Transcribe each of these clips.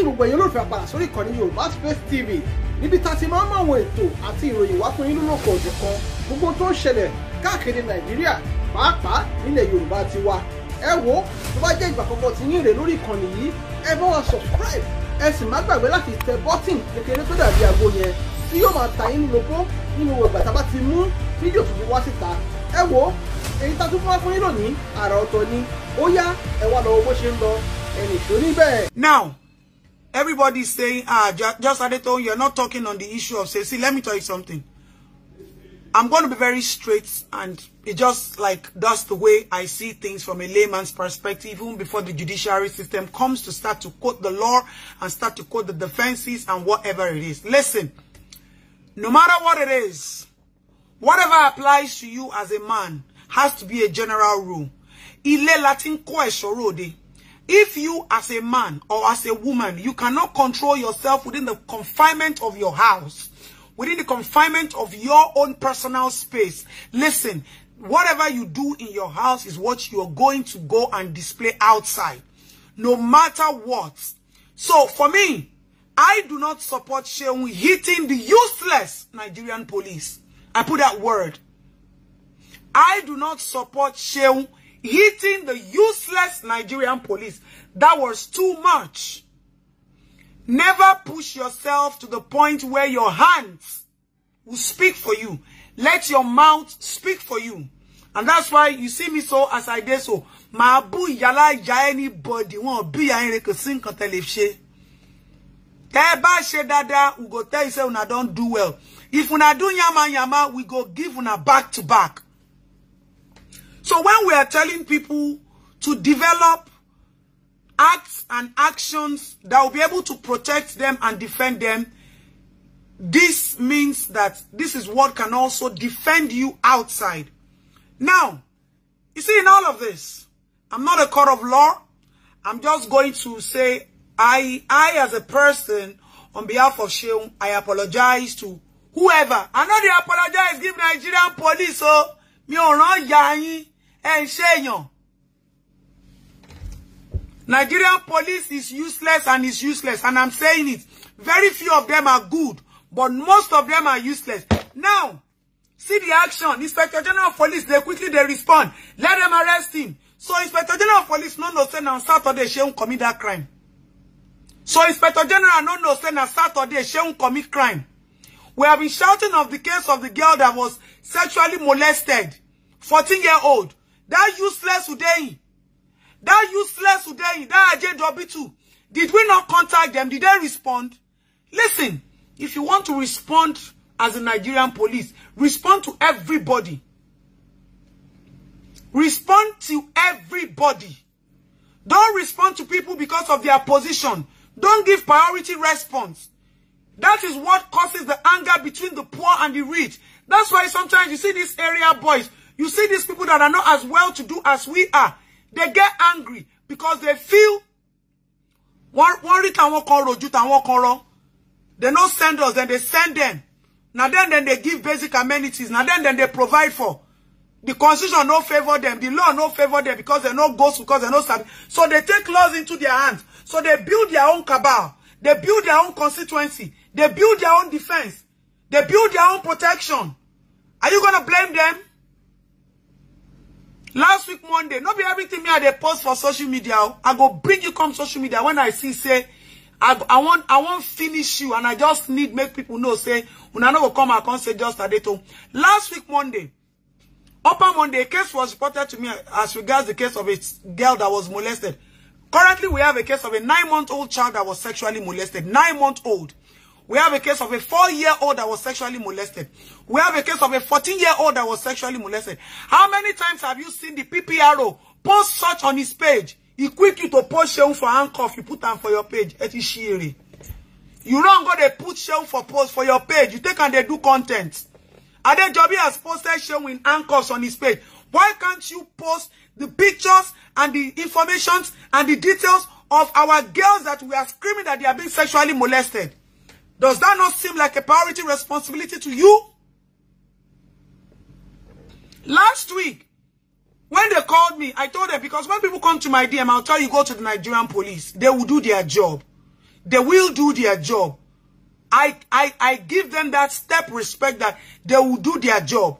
kí gbogbo ẹ̀yin olóòfẹ́ apàdà sórí ìkànnì Yorùbá Space TV níbi tá a ti máa ń mọ àwọn ètò àti ìròyìn wá fún yín lọ́nà kọ̀ọ̀dù kan gbogbo tó ń ṣẹlẹ̀ káàkiri Nàìjíríà pàápàá nílẹ̀ Yorùbá ti wa ẹ wo tó bá jẹ́ ìgbà kọ̀ọ̀kan tí yín rè lórí ìkànnì yìí ẹ bá wa subscribe ẹ sì má gbàgbé láti tẹ bọ́tìn kékeré tó dàbí àgbo yẹn tí yóò máa ta yín lóko nínú ìgbà tá a bá ti mú fídíò tuntun wá síta ẹ wo èyí tá a tún fún wa fún yín lónìí àrà ọ̀tọ̀ ni ó yá ẹ wá lọ owó ṣe ń lọ ẹnì tó ní now Everybody's saying, ah, just, just Adeton, you're not talking on the issue of say, see, let me tell you something. I'm going to be very straight and it just like that's the way I see things from a layman's perspective even before the judiciary system comes to start to quote the law and start to quote the defenses and whatever it is. Listen, no matter what it is, whatever applies to you as a man has to be a general rule. Ile Latin ko esoro If you as a man or as a woman, you cannot control yourself within the confinement of your house, within the confinement of your own personal space, listen, whatever you do in your house is what you are going to go and display outside, no matter what. So for me, I do not support Sheung hitting the useless Nigerian police. I put that word. I do not support Sheung hitting the useless Nigerian police. That was too much. Never push yourself to the point where your hands will speak for you. Let your mouth speak for you. And that's why you see me so as I did so. Ma bu yala ja anybody won bi ya ere ko sin kan tele se. dada we go tell you say una don do well. If una do yama yama we go give una back to back. So when we are telling people to develop acts and actions that will be able to protect them and defend them, this means that this is what can also defend you outside. Now, you see in all of this, I'm not a court of law. I'm just going to say I, I as a person, on behalf of Sheung, I apologize to whoever. I know they apologize, give Nigerian police, oh, me, on all ya ẹ̀ ń ṣe èèyàn. Nigerian police is useless and is useless and I'm saying it. Very few of them are good, but most of them are useless. Now, see the action. Inspector General of Police, they quickly they respond. Let them arrest him. So Inspector General of Police no no say na Saturday she won't commit that crime. So Inspector General no no say na Saturday she won't commit crime. We have been shouting of the case of the girl that was sexually molested. fourteen year old. That useless Udeyi. That useless Udeyi. That AJW2. Did we not contact them? Did they respond? Listen, if you want to respond as a Nigerian police, respond to everybody. Respond to everybody. Don't respond to people because of their position. Don't give priority response. That is what causes the anger between the poor and the rich. That's why sometimes you see these area boys You see these people that are not as well to do as we are. They get angry because they feel one rí tàwọn kan rojú and kan rọ. They no send us, then they send them. Now then, then they give basic amenities. Now then, then they provide for. The constitution no favor them. The law no favor them because they no ghosts, because they no sabi. So they take laws into their hands. So they build their own cabal. They build their own constituency. They build their own defense. They build their own protection. Are you going to blame them? last week monday no be everything me i dey post for social media i go bring you come social media When i see say i i want i want finish you and i just need make people know say una no go come i come say just a day adeto last week monday upper monday a case was reported to me as regards the case of a girl that was molested currently we have a case of a nine month old child that was sexually molested nine month old We have a case of a four-year-old that was sexually molested. We have a case of a 14-year-old that was sexually molested. How many times have you seen the PPRO post such on his page? He quick you to post show for handcuff, you put them for your page. It is ṣìrì. You don't go they put show for post for your page. You take and they do content. Joby has posted show in handcuffs on his page. Why can't you post the pictures and the informations and the details of our girls that we are screaming that they are being sexually molested? Does that not seem like a priority responsibility to you? Last week, when they called me, I told them, because when people come to my DM, I'll tell you, go to the Nigerian police. They will do their job. They will do their job. I, I, I give them that step respect that they will do their job.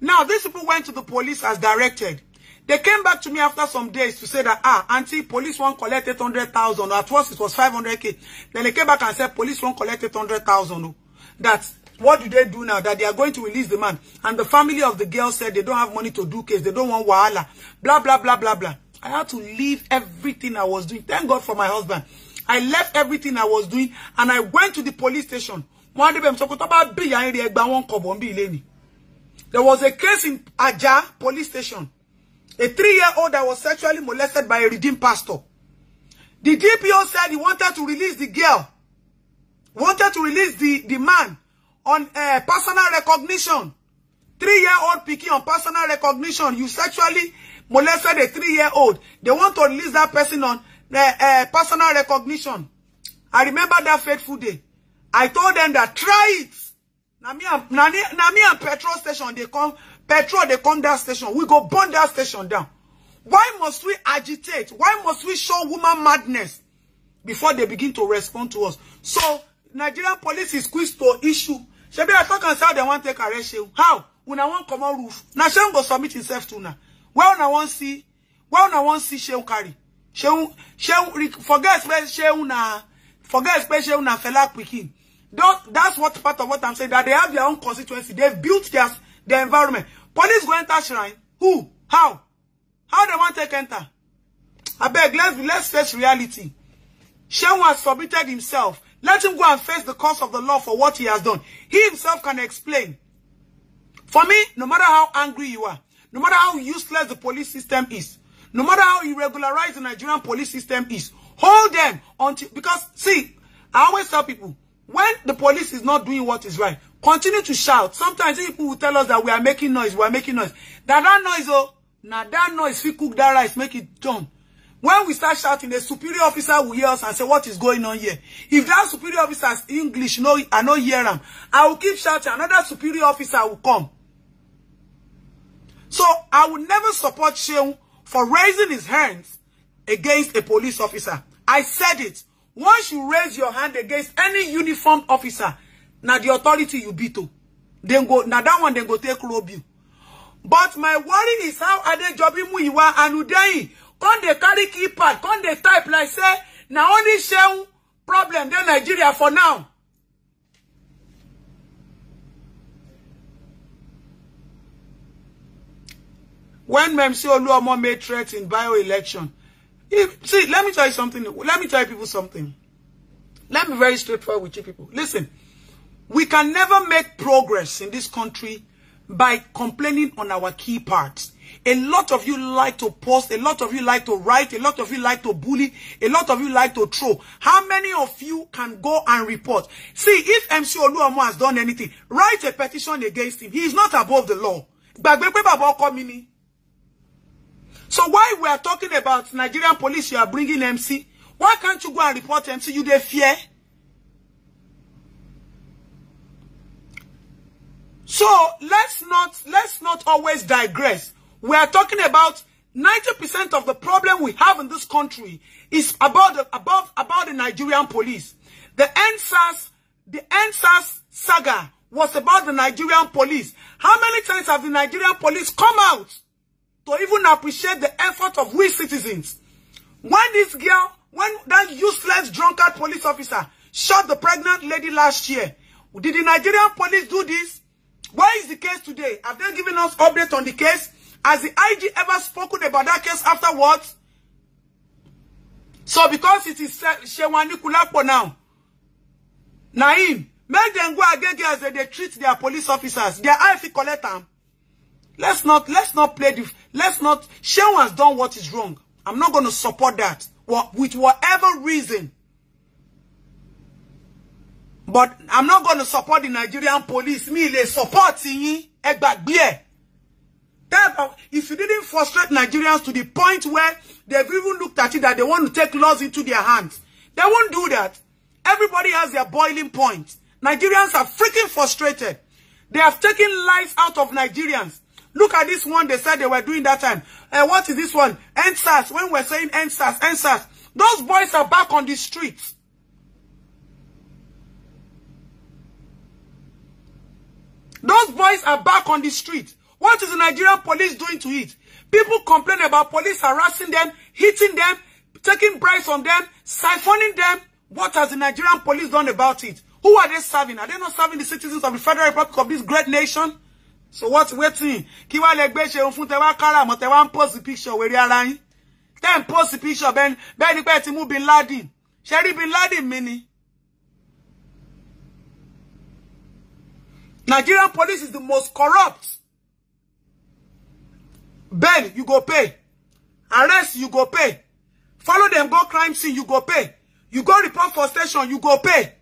Now, these people went to the police as directed. They came back to me after some days to say that, ah, auntie, police won't collect 800,000. At first, it was 500K. Then they came back and said, police won't collect 800,000. That, what do they do now? That they are going to release the man. And the family of the girl said they don't have money to do case. They don't want wahala. Blah, blah, blah, blah, blah. I had to leave everything I was doing. Thank God for my husband. I left everything I was doing and I went to the police station. There was a case in Aja police station. A three-year-old that was sexually molested by a redeemed pastor. The DPO said he wanted to release the girl, wanted to release the, the man on uh, personal recognition. Three-year-old picking on personal recognition. You sexually molested a three-year-old. They want to release that person on uh, uh, personal recognition. I remember that fateful day. I told them that try it. Now me and, now now me and petrol station, they come Petrol, they come that station. We go burn that station down. Why must we agitate? Why must we show woman madness before they begin to respond to us? So, Nigerian police is quick to issue. Shebi, I talk and say they want take arrest you. How? when I want come on roof. Now, Sheun go submit himself to now. Where una want see? Where una want see she carry? She she forget special Sheun na, forget especially na Fela Pikin. That's what part of what I'm saying, that they have their own constituency. They've built their the environment. Police go enter shrine. Who? How? How they want take enter? I beg, let's, let's face reality. Shehu has submitted himself. Let him go and face the course of the law for what he has done. He himself can explain. For me, no matter how angry you are, no matter how useless the police system is, no matter how irregularized the Nigerian police system is, hold them until, because see, I always tell people, when the police is not doing what is right, Continue to shout. Sometimes people will tell us that we are making noise, we are making noise. That that noise, oh, now that noise, we cook that rice, make it done. When we start shouting, the superior officer will hear us and say, what is going on here? If that superior officer's English, no, I no hear him. I will keep shouting. Another superior officer will come. So I would never support Sheung for raising his hands against a police officer. I said it. Once you raise your hand against any uniformed officer, Now the authority you beat, to. Then go now that one then go take rob you. But my worry is how are they jobbing Muiwa and Udayi? Come they carry keypad, come they type like say, now only show problem then Nigeria for now. When Memsi Oluomo made threats in bio-election, see, let me tell you something. Let me tell you people something. Let me very straightforward with you people. Listen, We can never make progress in this country by complaining on our key parts. A lot of you like to post, a lot of you like to write, a lot of you like to bully, a lot of you like to throw. How many of you can go and report? See, if MC Oluomo has done anything, write a petition against him. He is not above the law. So why we are talking about Nigerian police, you are bringing MC? Why can't you go and report MC? You they fear? So let's not let's not always digress. We are talking about 90% of the problem we have in this country is about the above about the Nigerian police. The NSAS, the NSAS saga was about the Nigerian police. How many times have the Nigerian police come out to even appreciate the effort of we citizens? When this girl, when that useless drunkard police officer shot the pregnant lady last year, did the Nigerian police do this? Where is the case today? Have they given us update on the case? Has the IG ever spoken about that case afterwards? So because it is uh, Shewan Nikulapo now, Naim, make them go against as they, treat their police officers. Their IFE collect them. Let's not, let's not play the, let's not, has done what is wrong. I'm not going to support that. With whatever reason but i'm not going to support the nigerian police Me, they support yín ẹ gbàgbé if you didn't frustrate nigerians to the point where they've even looked at it that they want to take laws into their hands they won't do that everybody has their boiling point nigerians are freaking frustrated they have taken lives out of nigerians Look at this one they said they were doing that time. And uh, eh, what is this one? NSAS. When we're saying NSAS, NSAS. Those boys are back on the streets. boys are back on the street. What is the Nigerian police doing to it? People complain about police harassing them, hitting them, taking bribes from them, siphoning them. What has the Nigerian police done about it? Who are they serving? Are they not serving the citizens of the Federal Republic of this great nation? So what's waiting? Kí wá lẹ gbé Ṣeun fún tẹ wá kára mọ́ tẹ wá picture where ara are lying. Then post the picture Ben ni pé timu ti mú Bin Laden. Ṣé Bin Laden mi Nigerian police is the most corrupt. Ben, you go pay. Arrest, you go pay. Follow them, go crime scene, you go pay. You go report for station, you go pay.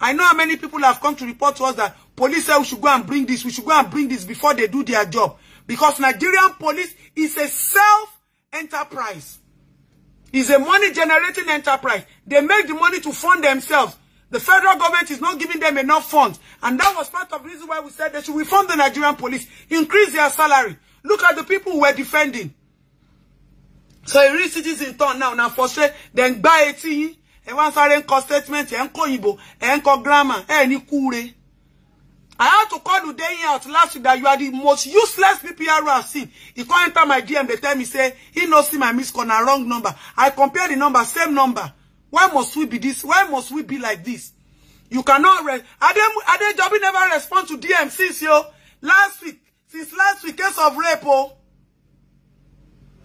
I know how many people have come to report to us that police say we should go and bring this, we should go and bring this before they do their job. Because Nigerian police is a self-enterprise. It's a money-generating enterprise. They make the money to fund themselves. The federal government is not giving them enough funds. And that was part of the reason why we said they should reform the Nigerian police, increase their salary. Look at the people who were defending. So a real citizen turn now, now for sure, then buy a tea. Ẹ wá sáré ń kọ statement, ẹ ń kọ Igbo, ẹ ń kọ grammar, ẹ ní kúre. I had to call Udeyin out last week that you are the most useless PPR I've seen. He can't enter my DM, they tell me, say, he knows see my miss call, a wrong number. I compare the number, same number. Why must we be this? Why must we be like this? You cannot re Adem Jobi never respond to DM since yo. Last week, since last week, case of rape, oh.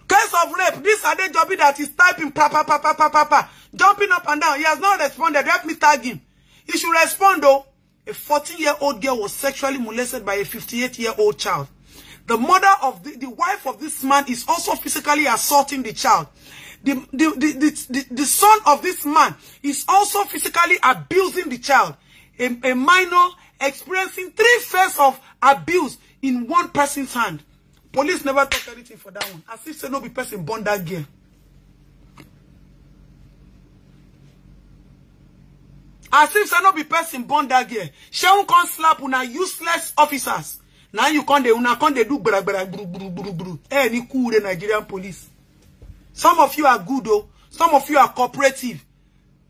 Case of rape. This Jobi that is typing pa pa pa pa pa pa pa, jumping up and down. He has not responded. Help me tag him. He should respond though. A 14-year-old girl was sexually molested by a 58-year-old child. The mother of the, the wife of this man is also physically assaulting the child the, the, the, the, the son of this man is also physically abusing the child. A, a minor experiencing three phases of abuse in one person's hand. Police never took anything for that one. As if say no be person born that girl. As if say no be person born that girl. Shehu can't slap una useless officers. Now you can't they una can't they do bra bra bru bru bru bru. Eh, ni kure Nigerian police. Some of you are good, though. Some of you are cooperative.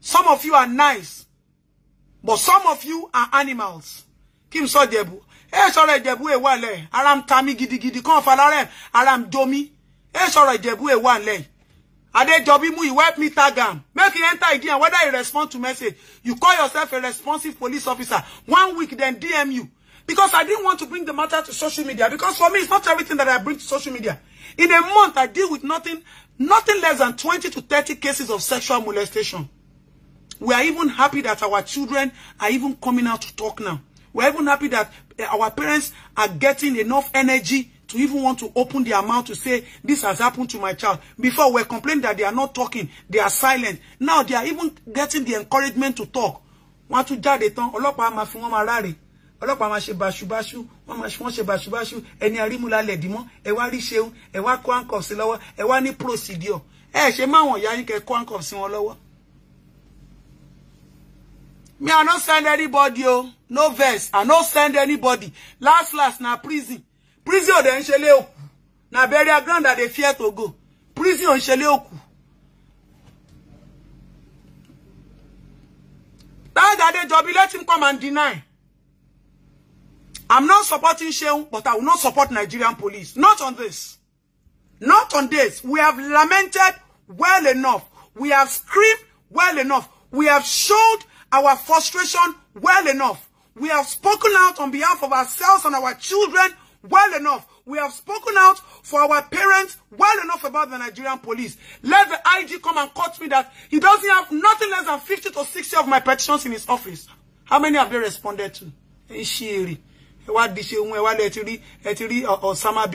Some of you are nice. But some of you are animals. Kim so debu. Eh, sorry, debu e wale. Aram tami gidi gidi. Kon falarem. Aram domi. Eh, sorry, debu e wale. Jobi mu, you wipe me tagam. Make you enter idea Whether you respond to message, you call yourself a responsive police officer. One week, then DM you. Because I didn't want to bring the matter to social media. Because for me, it's not everything that I bring to social media. In a month, I deal with nothing Nothing less than 20 to 30 cases of sexual molestation. We are even happy that our children are even coming out to talk now. We are even happy that eh, our parents are getting enough energy to even want to open their mouth to say, this has happened to my child. Before, we complained that they are not talking. They are silent. Now, they are even getting the encouragement to talk. Wọ́n tún jáde tán, ọlọ́pàá máa fi wọ́n máa ọlọ́pàá máa ṣe báṣubáṣu wọ́n máa wọ́n ṣe báṣubáṣu ẹni àrímúlalẹ̀ dìmọ́ ẹ wá rí ṣeun ẹ wá kó handcuff lọ́wọ́ ẹ wá ní procedure ẹ ṣe máwọn ìyá yín kẹ kó handcuff wọn lọ́wọ́. me i no send anybody o oh. no vex i no send anybody last last na prison prison o dey nsele oku na burial ground i dey fear to go prison o nsele oku that guy dey job let him come and deny I'm not supporting Sheung, but I will not support Nigerian police. Not on this. Not on this. We have lamented well enough. We have screamed well enough. We have showed our frustration well enough. We have spoken out on behalf of ourselves and our children well enough. We have spoken out for our parents well enough about the Nigerian police. Let the IG come and cut me that he doesn't have nothing less than 50 to 60 of my petitions in his office. How many have they responded to? Shiri ẹ wá di ṣe ohun ẹ wá lẹ ti rí ẹ ti rí Osama